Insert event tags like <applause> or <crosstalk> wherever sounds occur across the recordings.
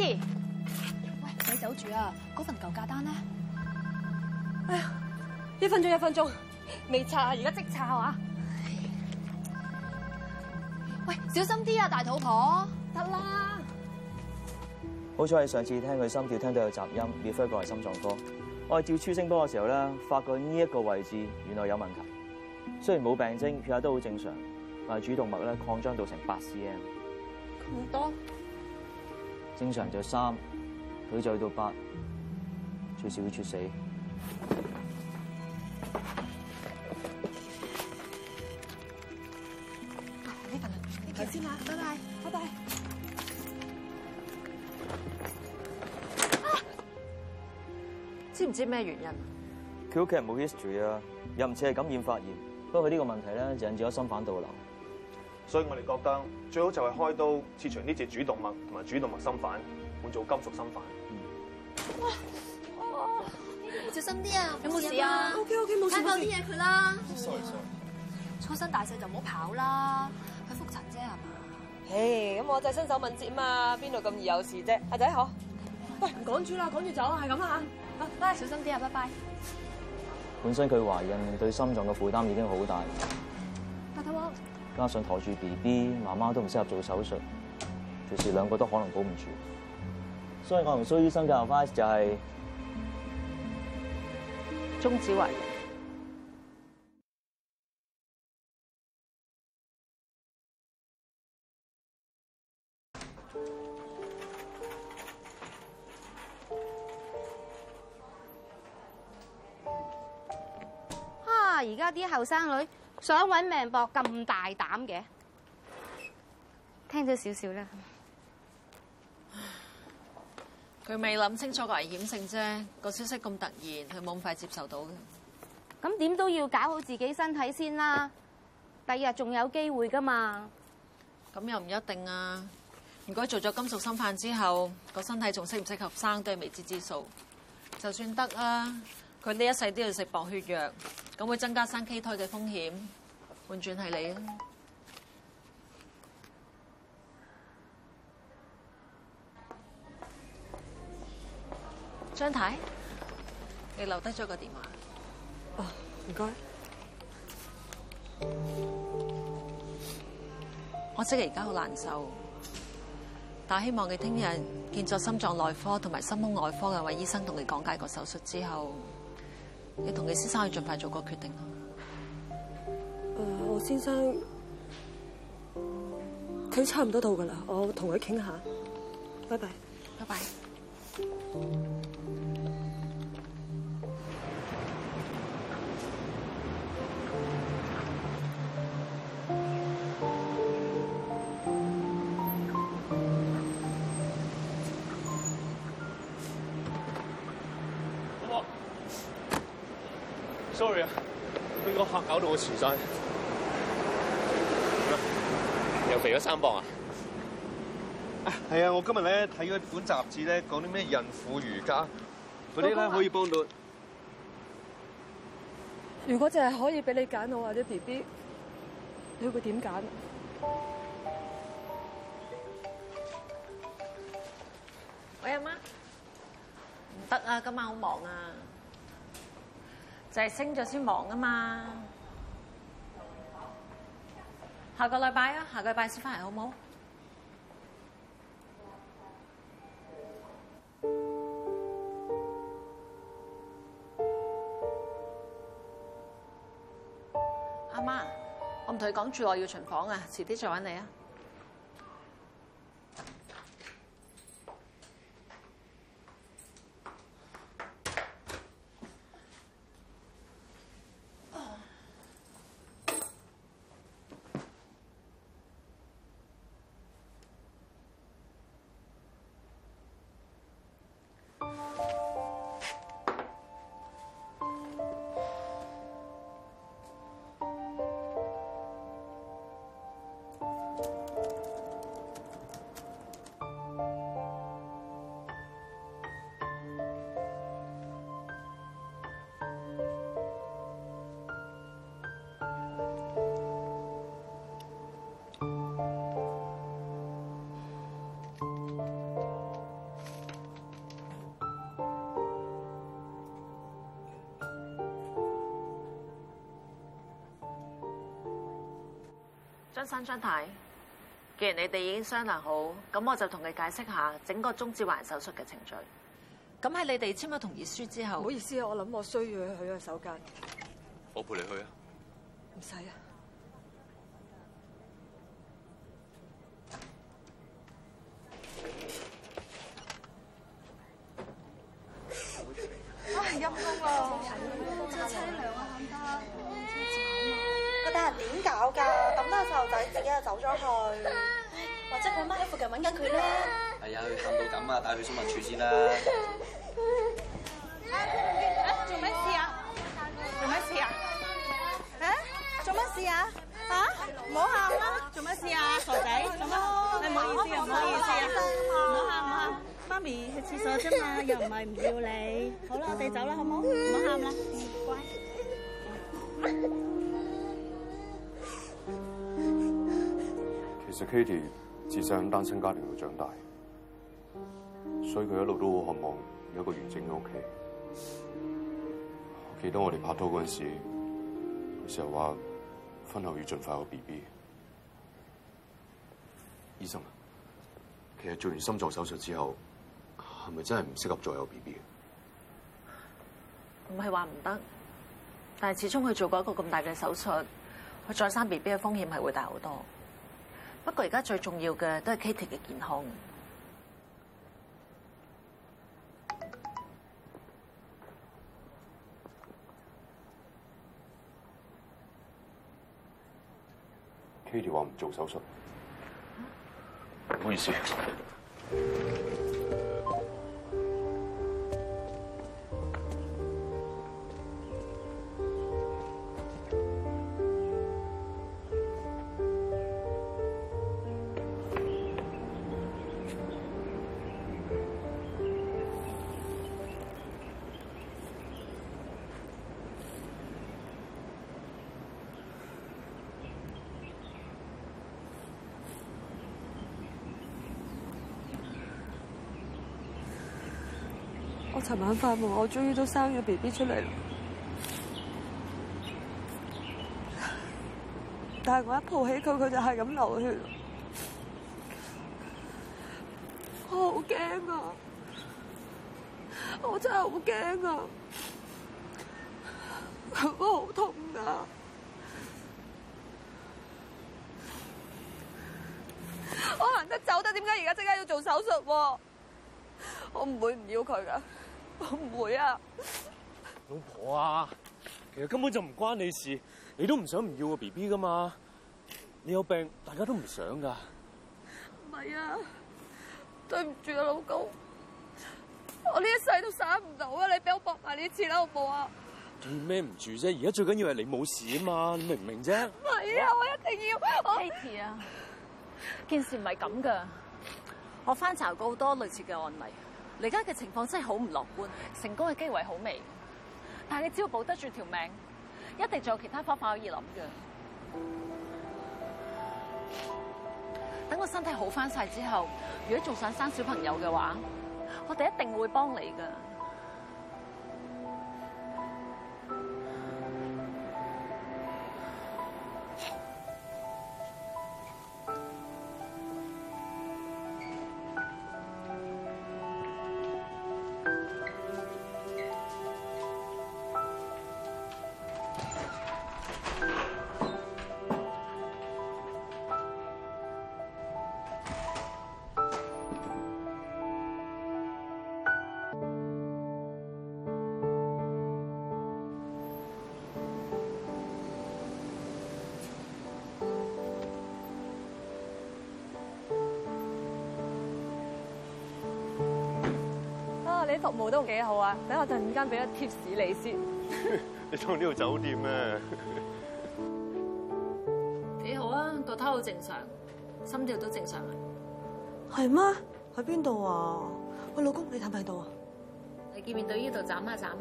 喂，你走住啊！嗰份舊價單咧，哎呀，一分鐘一分鐘，未拆啊！而家即拆啊！喂，小心啲啊，大肚婆！得啦，好彩上次聽佢心跳聽到有雜音 refer 過嚟心臟科。我哋照超聲波嘅時候咧，發覺呢一個位置原來有問題。雖然冇病徵，血壓都好正常，但係主動脈咧擴張到成八 cm，咁多。正常就三，佢就去到八，最少會猝死啊。你份人，啦，拜拜，拜拜。知唔知咩原因啊？佢屋企人冇 history 啊，又唔似係感染發炎，不過佢呢個問題咧，就引致咗心瓣倒流。所以我哋覺得最好就係開刀切除呢隻主動脈同埋主動脈心瓣，換做金屬心瓣。小心啲啊！有冇事啊？OK，OK，冇事。睇好啲嘢佢啦。初生大細就唔好跑啦，去復診啫係嘛？嘿，咁我就身手敏捷嘛，邊度咁易有事啫？阿仔好，喂，趕住啦，趕住走，係咁啦嚇。拜，拜，小心啲啊，拜拜。本身佢懷孕對心臟嘅負擔已經好大。大頭哥。加上佗住 BB，媽媽都唔適合做手術，到時兩個都可能保唔住。所以我同蘇醫生嘅 advice 就係、是、中止懷孕。而家啲後生女～想揾命搏咁大膽嘅，聽咗少少啦。佢未諗清楚個危險性啫，個消息咁突然，佢冇咁快接受到嘅。咁點都要搞好自己身體先啦。第二日仲有機會噶嘛？咁又唔一定啊。如果做咗金屬心瓣之後，個身體仲適唔適合生都係未知之數。就算得啊，佢呢一世都要食薄血藥。咁會增加生畸胎嘅風險，換轉係你啊，張太太，你留低咗個電話。哦，唔該。我知你而家好難受，但希望你聽日見咗心臟內科同埋心胸外科嘅位醫生同你講解個手術之後。你同你先生去盡快做個決定啦。呃，我先生佢差唔多到㗎喇，我同佢傾下。拜拜，拜拜。冇錢曬，又肥咗三磅啊！係啊，我今日咧睇咗本雜誌咧，講啲咩孕婦瑜伽嗰啲咧，可以幫到。如果就係可以俾你揀我或者 B B，你會點揀？喂，阿媽，唔得啊！今晚好忙啊，就係、是、升咗先忙啊嘛。下個禮拜啊，下個禮拜先翻嚟好唔好？阿媽，我唔同你講住，我要巡房啊，遲啲再揾你啊。張生張太，既然你哋已經商量好，咁我就同你解釋下整個終止懷孕手術嘅程序。咁喺你哋簽咗同意書之後，唔好意思啊，我諗我需要去去個手間。我陪你去啊。唔使啊。點搞噶？抌低個細路仔自己就走咗去，或者佢媽喺附近搵緊佢咧。係啊，去冚到咁啊，帶去寵物處先啦。哎，做咩事啊？做咩事啊？哎，做咩事啊？吓？唔好喊啦！做咩事啊？傻仔，做咩？你唔好意思啊，唔好意思啊。唔好喊，唔好喊。媽咪去廁所啫嘛，又唔係唔要你。好啦，我哋走啦，好冇？唔好喊啦，乖。Kitty 自細喺單親家庭度長大，所以佢一路都好渴望有一個完整嘅屋企。我記得我哋拍拖嗰陣時，成日話婚後要盡快有 B B。醫生啊，其實做完心臟手術之後，係咪真係唔適合再有 B B？唔係話唔得，但係始終佢做過一個咁大嘅手術，佢再生 B B 嘅風險係會大好多。不過而家最重要嘅都係 Katie 嘅健康。Katie 話唔做手術，啊，唔好意思。昨晚發夢，我終於都生咗 BB 出嚟啦，但係我一抱起佢，佢就係咁流血，我好驚啊！我真係好驚啊！我好痛啊！我行得走得，點解而家即刻要做手術？我唔會唔要佢噶。我唔會啊，老婆啊，其實根本就唔關你事，你都唔想唔要個 B B 噶嘛，你有病，大家都唔想噶。唔係啊，對唔住啊，老公，我呢一世都生唔到啊，你俾我搏埋呢次啦，老婆。對咩唔住啫？而家最緊要係你冇事啊嘛，你明唔明啫？唔係啊，我一定要。咩事啊？件事唔係咁噶，我翻查過好多類似嘅案例。而家嘅情況真係好唔樂觀，成功嘅機會好微。但係你只要保得住條命，一定仲有其他方法可以諗嘅。等我身體好返晒之後，如果仲想生小朋友嘅話，我哋一定會幫你㗎。服務都幾好啊，等我陣間俾一貼士 <laughs> 你先。你做呢度酒店咩？幾 <laughs> 好啊，度胎好正常，心跳都正常啊。係咩？喺邊度啊？喂，老公，你睇唔睇到啊？你見唔見到呢度眨下眨下。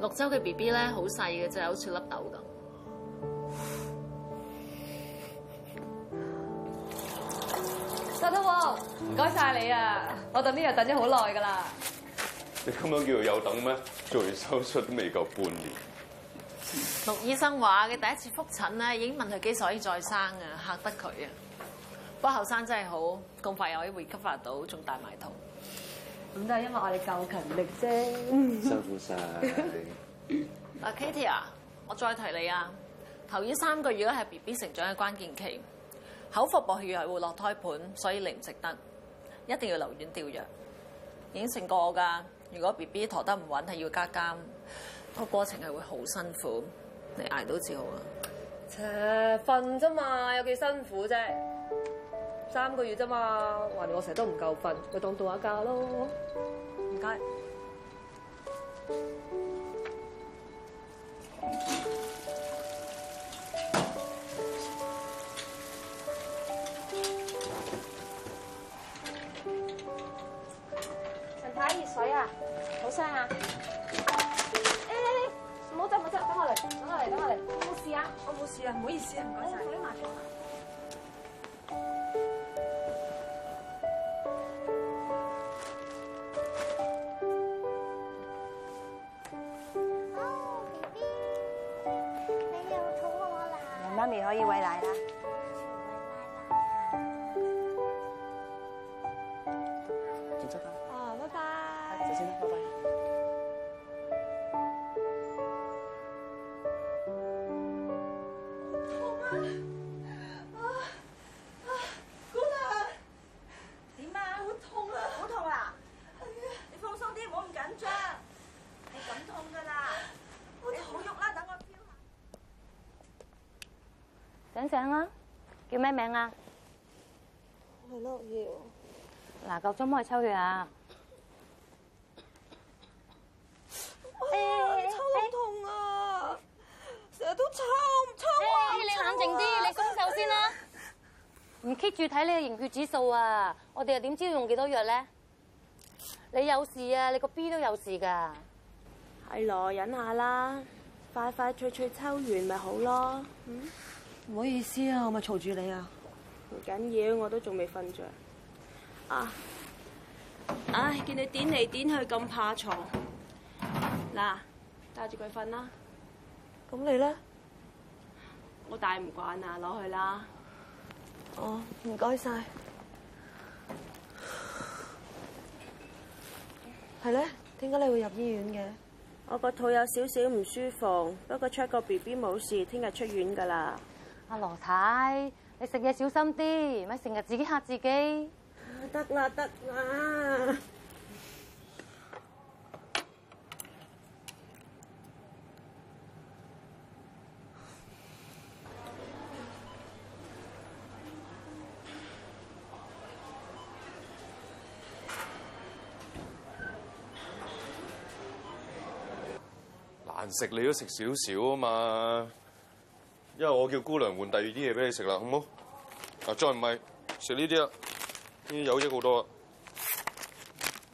六週嘅 B B 咧，好細嘅啫，好似粒豆咁。沙禿，唔該晒你啊！我等呢又等咗好耐噶啦。你咁樣叫做有等咩？做完手術都未夠半年。陸醫生話佢第一次複診咧，已經問佢幾時可以再生啊，吓得佢啊。不過後生真係好，咁快又可以回吸發到，仲大埋肚。咁都係因為我哋夠勤力啫。辛苦晒。嗱，Kitty 啊，我再提你啊，頭依三個月咧係 BB 成長嘅關鍵期。口服薄血藥係會落胎盤，所以你唔食得，一定要留院吊藥。已經成個㗎，如果 B B 陀得唔穩係要加針，個過程係會好辛苦，你捱到就好啊。借瞓咋嘛，有幾辛苦啫？三個月咋嘛，還我成日都唔夠瞓，咪當度假咯。唔該。睇熱水啊！好聲啊！誒、欸，唔好得，唔好得，等我嚟，等我嚟，等我嚟。我冇事啊，我冇事啊，唔好意思，啊！唔該晒！哎呀醒啊，叫咩名啊？係陸嗱，夠鐘可以抽血啊！哎，抽好痛啊！成日、哎、都抽唔抽啊！你冷靜啲，的你洗手先啦。唔 keep 住睇你嘅凝血指數啊，我哋又點知要用幾多藥咧？你有事啊？你個 B 都有事噶。係咯，忍下啦，快快脆脆抽完咪好咯。嗯。唔好意思啊，我咪嘈住你啊。唔緊要，我都仲未瞓着啊、哎。唉，見你點嚟點去咁怕嘈，嗱，戴住佢瞓啦。咁你咧？我戴唔慣啊，攞去啦。哦，唔該晒。係咧，點解你會入醫院嘅？我個肚有少少唔舒服，不過 check 個 B B 冇事，聽日出院㗎喇。阿羅太，太，你食嘢小心啲，咪成日自己嚇自己。得啦得啦，難食你都食少少啊嘛。因為我叫姑娘換第二啲嘢俾你食啦，好唔好？啊，再唔係食呢啲啊，呢啲有益好多啊。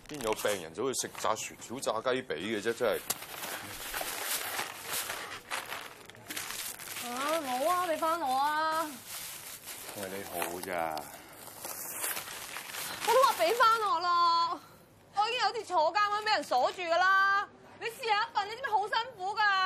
邊有病人就會食炸薯條炸雞髀嘅啫，真係。啊，冇啊，俾翻我啊！為、啊、你好咋？我都話俾翻我咯，我已經有啲坐監啦，俾人鎖住噶啦。你試下一份，你知咪好辛苦㗎？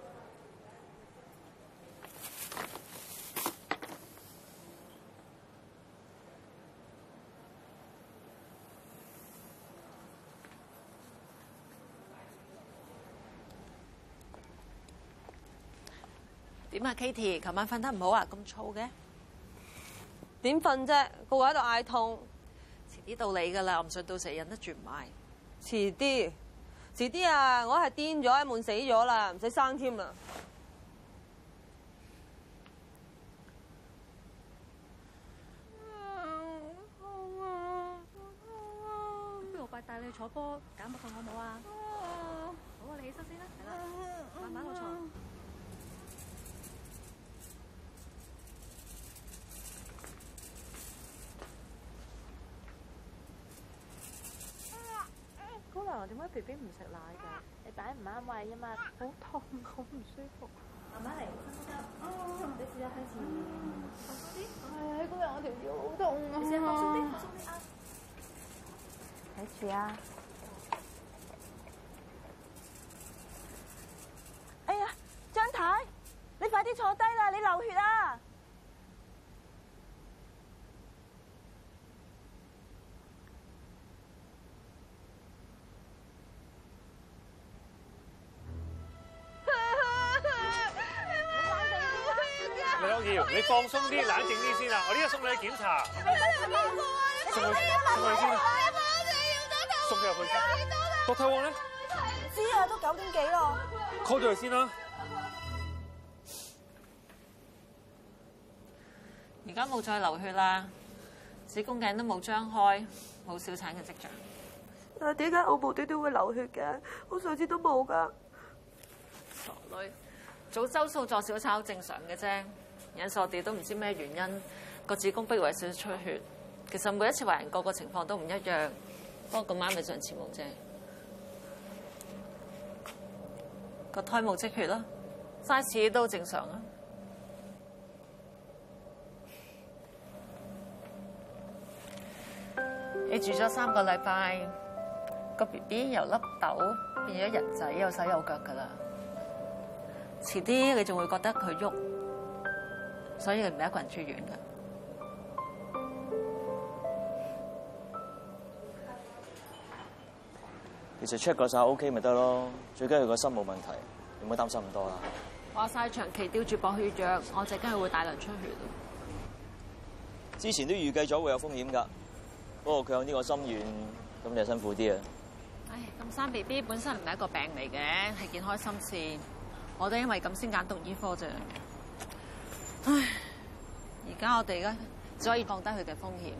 咁啊，Kitty，琴晚瞓得唔好啊，咁燥嘅，點瞓啫？個位喺度嗌痛，遲啲到你噶啦，我唔信到時忍得住唔埋，遲啲，遲啲啊！我係癲咗，係悶死咗啦，唔使生添啦。好啊，好啊，不如我快帶你去坐波，敢唔敢我冇啊？好啊，你起身先啦，係啦，慢慢去坐。點解 B B 唔食奶㗎？你擺唔啱位啊嘛， <laughs> 好痛，好唔舒服。慢慢嚟，唔急。從第一次開始，慢啲。係喺嗰日我條腰好痛啊！先成日慢啲，慢啲啊！睇住啊！你放鬆啲，冷靜啲先啦！我呢個送你去檢查。送佢入去先。送佢入去先。你幫我哋要多頭。送佢入去檢查。Doctor Wong 呢？唔知啊，都九點幾咯。call 咗佢先啦。而家冇再流血啦，子宮頸都冇張開，冇小產嘅跡象。但係點解我無端端都會流血嘅？我上次都冇㗎。傻女，早週數作小產好正常嘅啫。引述地都唔知咩原因，個子宮壁位少少出血，其實每一次懷孕個個情況都唔一樣，不過個媽咪上次冇啫，個胎冇積血啦，嘥屎都正常啊。你住咗三個禮拜，個 B B 由粒豆變咗人仔，有手有腳噶啦，遲啲你仲會覺得佢喐。所以佢唔係一個人出院嘅，其實 check 過曬 OK 咪得咯，最緊要佢個心冇問題，唔好擔心咁多啦。話晒長期吊住博血漿，我淨係驚佢會大量出血。之前都預計咗會有風險㗎，不過佢有呢個心願，咁就辛苦啲啊。唉，咁生 BB 本身唔係一個病嚟嘅，係件開心事。我都因為咁先揀讀醫科啫。唉，而家我哋咧只可以降低佢嘅風險，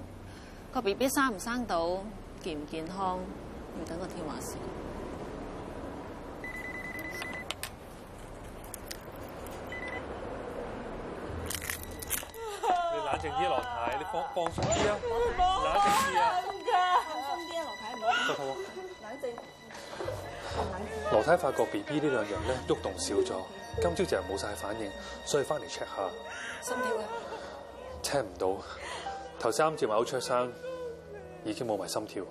個 B B 生唔生到，健唔健康，要等到天話事。你冷靜啲，羅太，你幫幫手先啊！冷靜啲啊，羅太，唔好吧。冷靜。羅太發覺 B B 呢兩日咧喐動少咗，今朝就係冇晒反應，所以翻嚟 check 下心跳，聽唔到。頭先啱接埋邱卓生，已經冇埋心跳。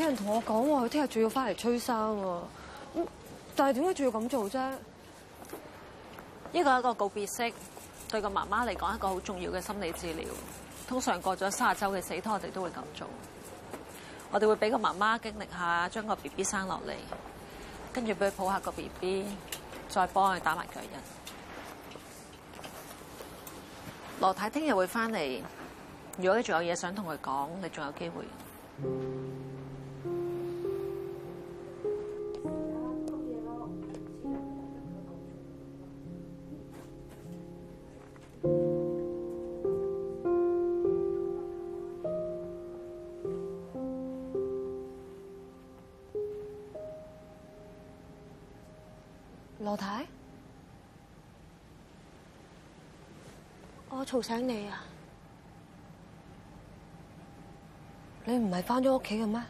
有人同我講佢聽日仲要翻嚟催生喎、啊。但係點解仲要咁做啫？呢個係一個告別式，對個媽媽嚟講一個好重要嘅心理治療。通常過咗卅週嘅死胎，我哋都會咁做。我哋會俾個媽媽經歷一下將個 B B 生落嚟，跟住俾佢抱下個 B B，再幫佢打埋腳印。羅太，聽日會翻嚟。如果你仲有嘢想同佢講，你仲有機會。羅太，我吵醒你啊！你唔係返咗屋企嘅咩？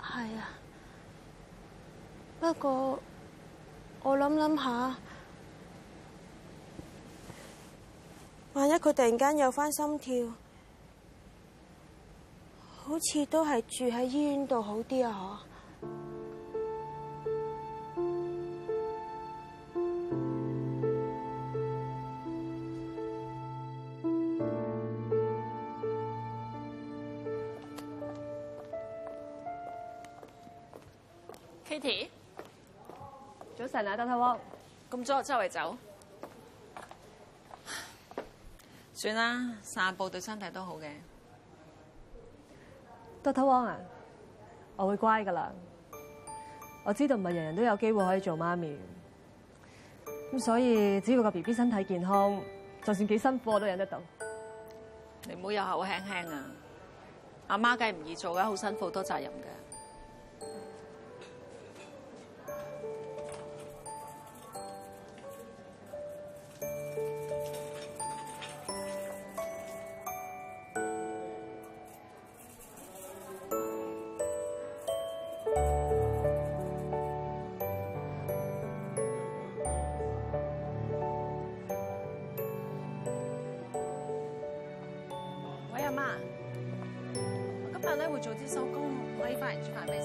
係啊，不過我諗諗下，萬一佢突然間有翻心跳，好似都係住喺醫院度好啲啊！Kitty，Katie? 早晨啊，Dr. Wong，咁早就周圍走？算啦，散步對身體都好嘅。Dr. Wong 啊，我會乖噶啦，我知道唔係人人都有機會可以做媽咪，咁所以只要個 B B 身體健康，就算幾辛苦我都忍得到。你唔好又口輕輕啊，阿媽梗係唔易做噶，好辛苦，好多責任噶。做啲手工可以翻嚟煮飯咩？